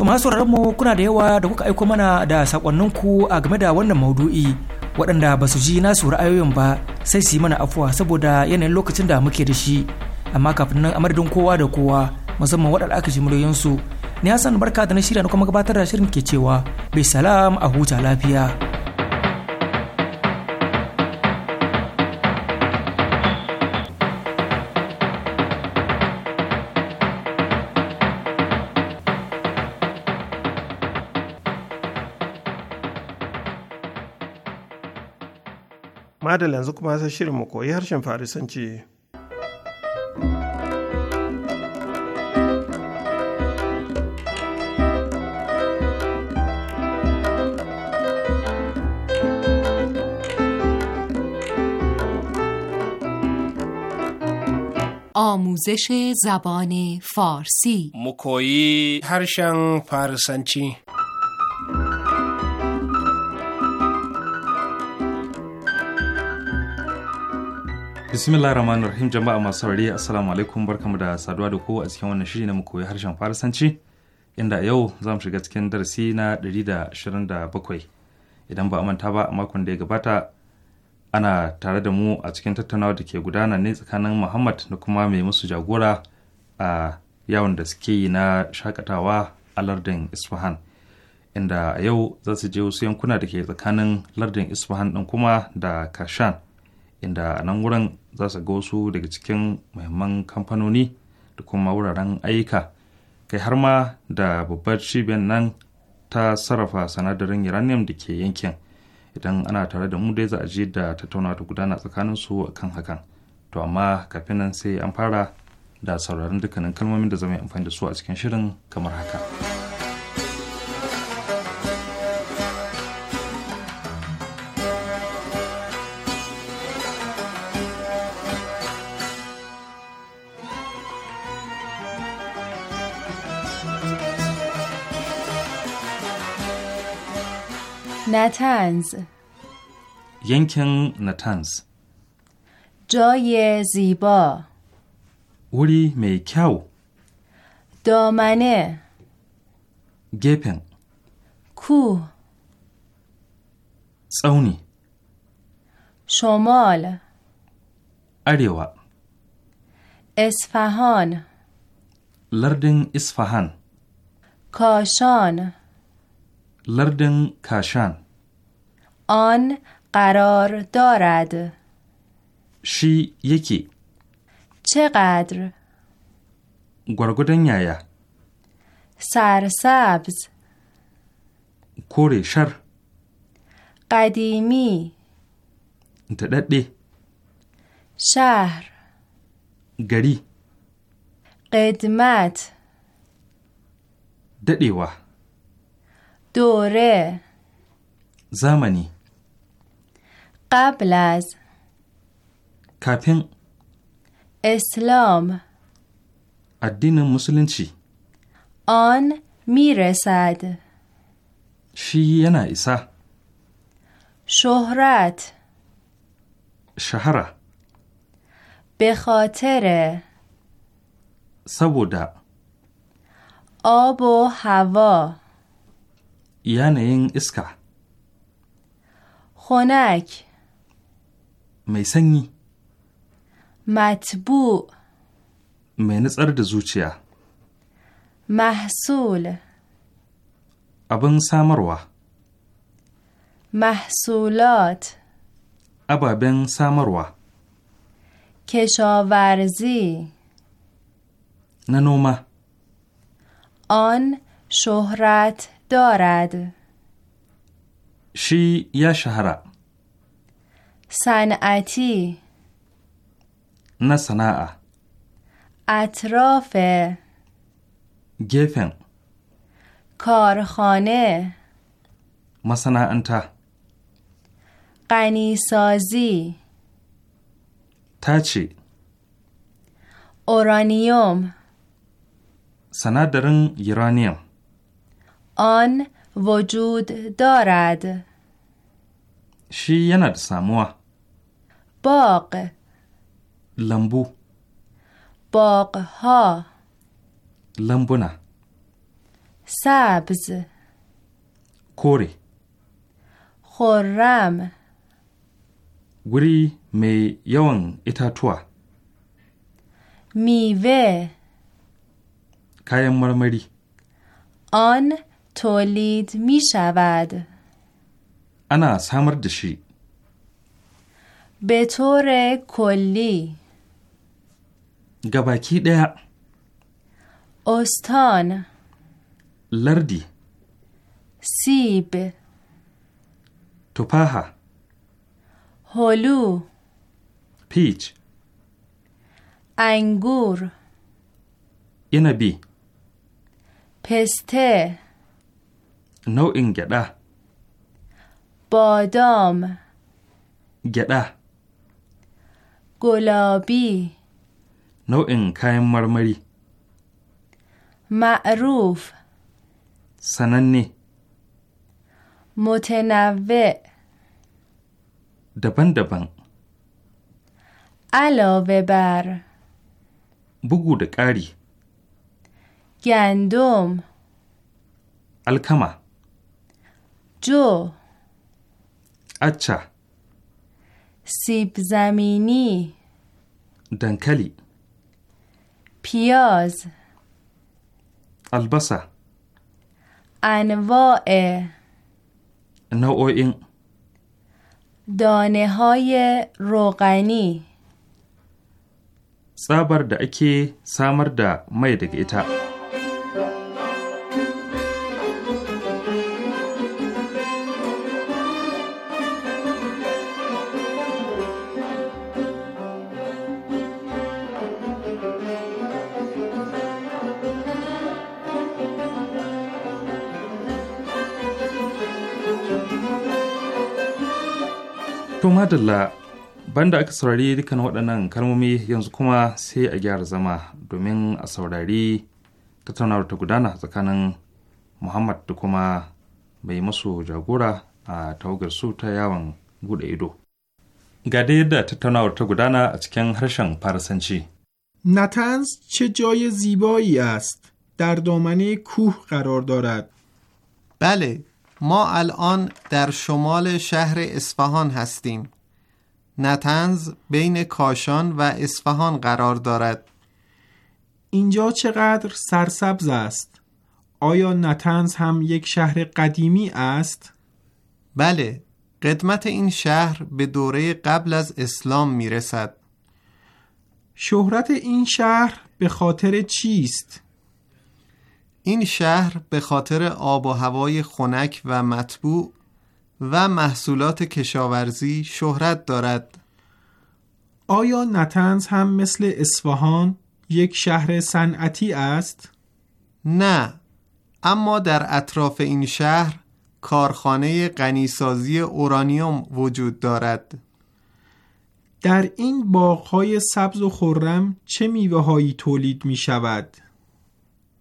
To masu mu kuna da yawa da kuka aiko mana da sakonninku a game da wannan maudu'i waɗanda ba su ji nasu ra'ayoyin ba sai su yi mana afuwa saboda yanayin lokacin da muke da shi amma kafin nan madadin kowa da kowa musamman waɗanda aka ji muryoyinsu ni Hassan barka da na shirya na kuma gabatar da shirin ke cewa bai salam a huta lafiya. da yanzu kuma sai shirin mu koyi harshen farisanci آموزش زبان فارسی مکویی هرشن فارسنچی bismillah rahman rahim jama'a masu saurari assalamu alaikum barkamu da saduwa da kowa a cikin wannan shiri na koyi harshen farisanci inda yau za mu shiga cikin darasi na 127 idan ba a manta ba a makon da ya gabata ana tare da mu a cikin tattaunawa da ke gudana ne tsakanin muhammad da kuma mai musu jagora a yawon da suke yi na shakatawa a lardin isfahan inda a yau za su je wasu yankuna da ke tsakanin lardin isfahan din kuma da kashan inda a nan wurin za su ga wasu daga cikin muhimman kamfanoni da kuma wuraren ayyuka kai har ma da babbar cibiyar nan ta sarrafa sanadarin uranium da ke yankin idan ana tare da mu dai za a je da tattauna da gudana tsakanin su akan hakan to amma kafin nan sai an fara da sauraron dukkanin kalmomin da zama amfani da su a cikin shirin kamar haka. نتنز ینکن نتنز جای زیبا وری میکاو دامنه گپن کوه تسونی شمال اریوا اصفهان لردن اصفهان کاشان لردن کاشان آن قرار دارد شی یکی چقدر گرگودن یایا سرسبز کره شر قدیمی ددده شهر گری قدمت ددیوه دوره زمانی قبل از کپین اسلام الدین چی؟ آن میرسد شیه نایسا شهرت شهره به خاطر سبودا آب و هوا یعنی iska honak mai sanyi. Matbu. Mai nutsar da zuciya. Mahsul. Abin samarwa. Mahsulat. Ababen samarwa. کشاورزی na noma an شهرت دارد شی یشهر صنعتی نه صناعه اطراف گفن کارخانه masana'anta قنیسازی تاچی اورانیوم سنادرن یورانیم آن وجود دارد شی یه باغ لمبو باغ ها لمبونه سبز کوری خورم گوری می یوان اتاتوا میوه کایم مرمری آن تولید می شود انا سامر دشی به طور کلی گباکی ده استان لردی سیب توپاها هلو پیچ انگور ینبی پسته nau'in gyada. Bodom. Gyaɗa. Gulobi. Nau'in kayan marmari. Ma'ruf. Sananne. Mutanabe. Daban-daban. Alobe bar. Bugu da ƙari. Gyandom. Alkama. جو اچه سیب زمینی دنکلی پیاز البسه انواع نوع دانه های روغنی صبر دا اکی، سامر دا mai To madalla banda aka saurari dukkan waɗannan kalmomi yanzu kuma sai a gyara zama domin a saurari tattaunawar ta gudana tsakanin Muhammad da kuma mai masu jagora a tawagar su ta yawon bude ido. Ga dai yadda tattaunawar ta gudana a cikin harshen farasanci. natanz چه جای زیبایی است در دامنه کوه قرار دارد ما الان در شمال شهر اصفهان هستیم. نتنز بین کاشان و اصفهان قرار دارد. اینجا چقدر سرسبز است؟ آیا نتنز هم یک شهر قدیمی است؟ بله، قدمت این شهر به دوره قبل از اسلام میرسد. شهرت این شهر به خاطر چیست؟ این شهر به خاطر آب و هوای خنک و مطبوع و محصولات کشاورزی شهرت دارد آیا نتنز هم مثل اصفهان یک شهر صنعتی است؟ نه اما در اطراف این شهر کارخانه غنیسازی اورانیوم وجود دارد در این باغهای سبز و خورم چه میوه هایی تولید می شود؟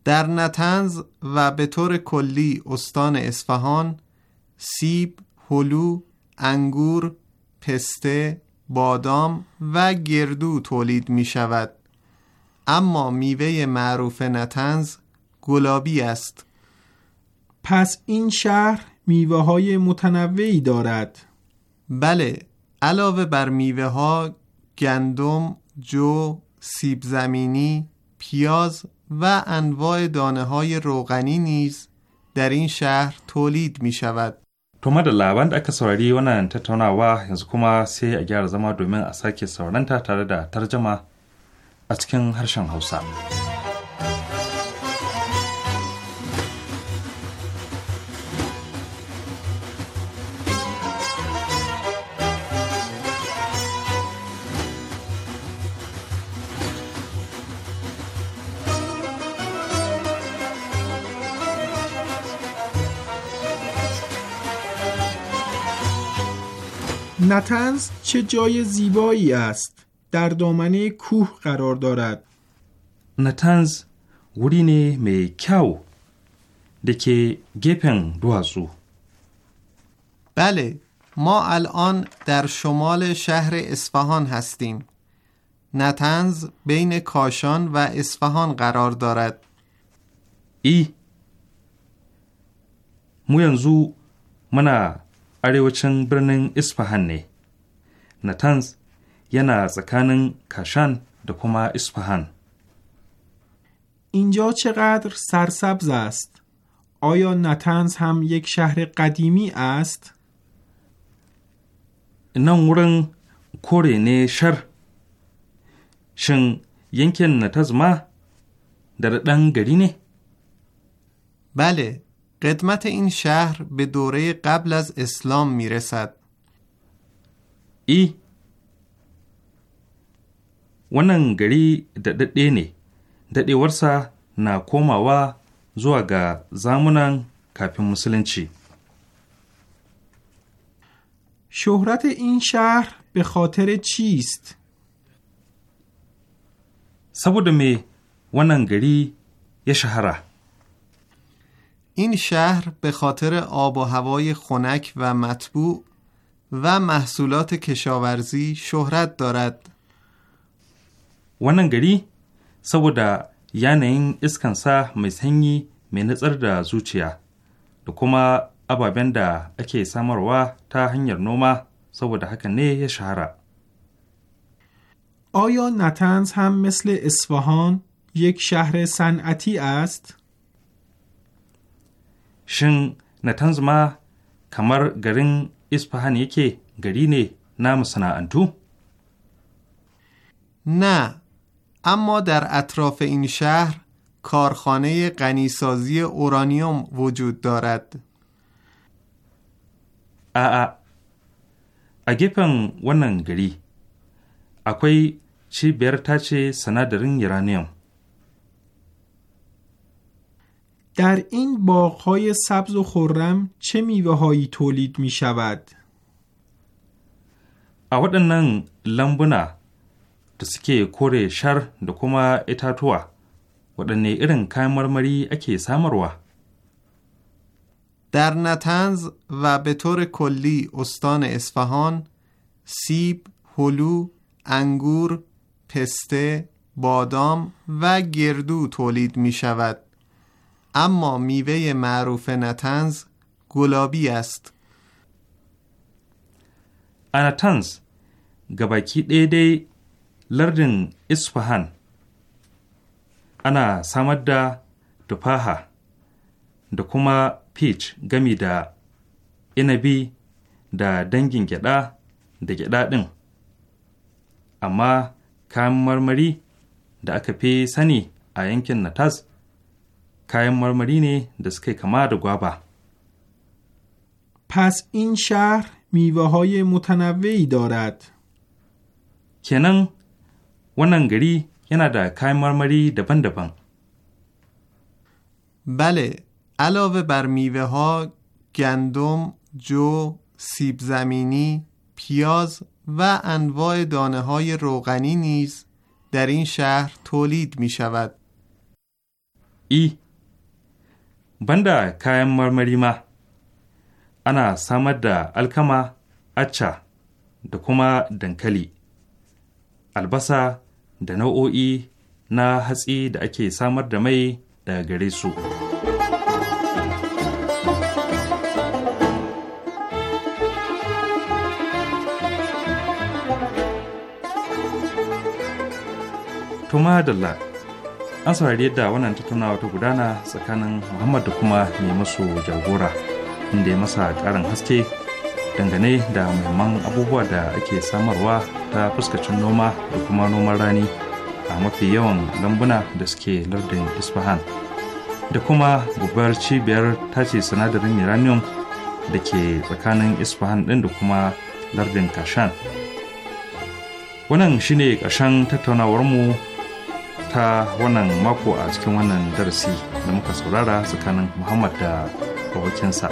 در نتنز و به طور کلی استان اصفهان سیب، هلو، انگور، پسته، بادام و گردو تولید می شود اما میوه معروف نتنز گلابی است پس این شهر میوه های متنوعی دارد بله علاوه بر میوه ها گندم، جو، سیب زمینی، پیاز و انواع دانه های روغنی نیز در این شهر تولید می شود. Tuma da laban da aka saurari wannan tattaunawa yanzu kuma sai a gyara zama domin a sake sauranta tare da tarjama a cikin harshen Hausa. نتنز چه جای زیبایی است در دامنه کوه قرار دارد نتنز ورینه می کاو kyau گپن بله ما الان در شمال شهر اصفهان هستیم. نتنز بین کاشان و اصفهان قرار دارد. ای مو من. منا arewacin birnin Isfahan ne. Natanz yana tsakanin Kashan da kuma Isfahan. اینجا چقدر سرسبز است؟ آیا نتنز هم یک شهر قدیمی ast. nan wurin kore ne shar shin yankin Natazma ma da ɗan gari ne? bale قدمت این شهر به دوره قبل از اسلام میرسد ای wannan gari daɗaɗɗe ne daɗewarsa na komawa zuwa ga zamunan kafin musulunci شهرت این شهر به خاطر چیست؟ saboda me wannan gari ya shahara این شهر به خاطر آب و هوای خنک و مطبوع و محصولات کشاورزی شهرت دارد. wannan gari saboda yanayin iskansa mai sanyi mai nutsar da zuciya da kuma ababen da ake samarwa ta hanyar آیا نتنز هم مثل اصفهان یک شهر صنعتی است؟ shin Natanzma kamar garin Isfahan yake gari ne na masana'antu? نه اما در اطراف این شهر کارخانه غنیسازی اورانیوم وجود دارد ا a gefen wannan gari akwai cibiyar tace sinadarin uranium در این باغهای سبز و خورم چه میوههایی تولید می شود؟ لامبنا waɗannan lambuna da suke kore shar da kuma itatuwa waɗanne irin kayan در نتنز و به طور کلی استان اصفهان سیب، هلو، انگور، پسته، بادام و گردو تولید می شود. اما میوه معروف نتنز گلابی است اناتنز گباکی دیده lardin Isfahan ana samar da tufaha da kuma peach gami da inabi da dangin gyaɗa da gyaɗa ɗin amma kayan marmari da aka fi sani a yankin Natas kayan marmari ne da suka پس این شهر میوه های متنوعی دارد. کنن ونن گری yana da kayan marmari daban بله علاوه بر میوه ها گندم، جو، سیب زمینی، پیاز و انواع دانه های روغنی نیز در این شهر تولید می شود. ای banda kayan marmari ma ana samar da alkama acca da kuma dankali albasa da nau'o'i na hatsi da ake samar da mai daga gare su. Tuma an saurari yadda wannan tattaunawa ta gudana tsakanin muhammad da kuma mai masu jagora inda ya masa karin haske dangane da muhimman abubuwa da ake samarwa ta fuskacin noma da kuma noman rani a mafi yawan lambuna da suke lardin isfahan da kuma babbar cibiyar tace sinadarin uranium da ke tsakanin isfahan din da kuma lardin kashan wannan shine ƙarshen tattaunawarmu ta wannan mako a cikin wannan darasi da muka saurara tsakanin muhammad da abokinsa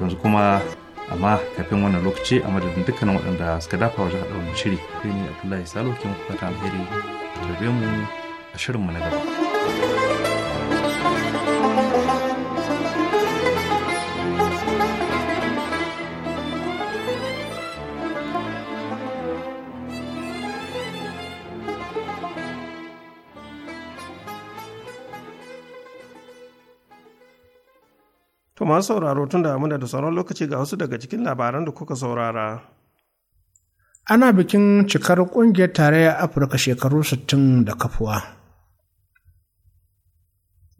yanzu kuma amma kafin wannan lokaci a madadin dukkanin waɗanda suka dafa wajen haɗa wannan shiri kai ne abdullahi salo ke muku fata alheri tarbe mu a shirinmu na gaba masu sauraro tun da muna da sauran lokaci ga wasu daga cikin labaran da kuka saurara. Ana bikin cikar ƙungiyar tarayyar Afirka shekaru sittin da kafuwa.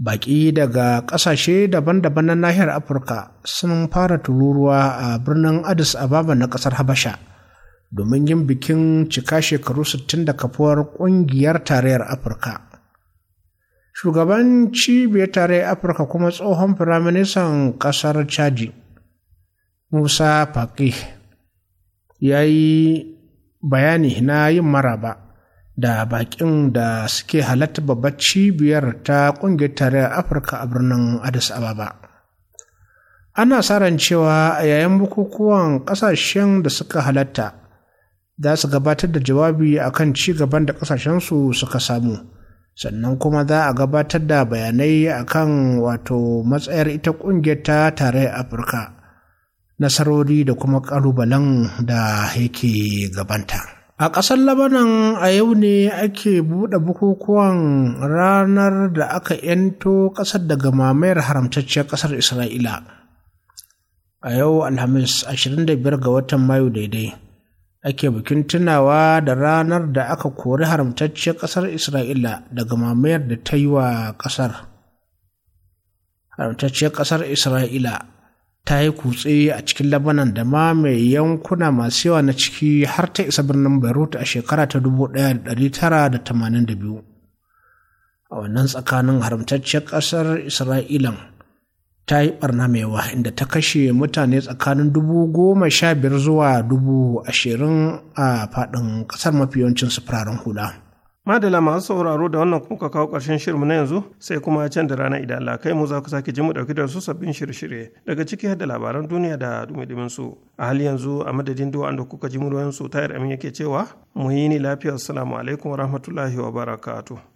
Baƙi daga ƙasashe daban-daban na nahiyar Afirka sun fara tururuwa a birnin Addis Ababa na ƙasar Habasha domin yin bikin cika shekaru sittin da kafuwar ƙungiyar tarayyar Afirka. shugaban cibiyar tare afirka kuma tsohon firaministan ƙasar chadi musa faki ya yi bayani na yin maraba da bakin da suke halatta babbar cibiyar ta ƙungiyar tarayyar afirka a birnin addis ababa ana sa ran cewa a yayin bukukuwan ƙasashen da suka halatta za su gabatar da jawabi akan ci gaban da ƙasashensu suka samu sannan kuma za a gabatar da bayanai a kan wato matsayar ita ƙungiyar ta tarayyar afirka nasarori da kuma ƙalubalen da yake gabanta. A ƙasar Labanan a yau ne ake buɗe bukukuwan ranar da aka ‘yanto ƙasar daga mamayar haramtacciyar ƙasar Isra'ila. A yau Alhamis 25 ga watan Mayu daidai. ake bikin tunawa da ranar da aka kori haramtacciyar ƙasar isra'ila daga mamayar da ta yi wa ƙasar haramtacciyar ƙasar isra'ila ta yi kutse a cikin labanan da ma mai yankuna masu yawa na ciki har ta isa birnin beirut a shekara ta biyu. a wannan tsakanin haramtacciyar ƙasar isra'ilan ta yi barna mai yawa inda ta kashe mutane tsakanin dubu goma sha biyar zuwa dubu ashirin a faɗin ƙasar mafi yawancin sufurarin hula. Madala masu sauraro da wannan kuka kawo karshen shirinmu na yanzu sai kuma can da rana idan Allah kai mu za ku sake ji mu ɗauki da su sabbin shirye-shirye daga ciki har da labaran duniya da dumi su. A hali yanzu a madadin duwa wanda kuka ji mu su tayar amin yake cewa mu yi ni lafiya assalamu alaikum wa rahmatullahi wa barakatuh.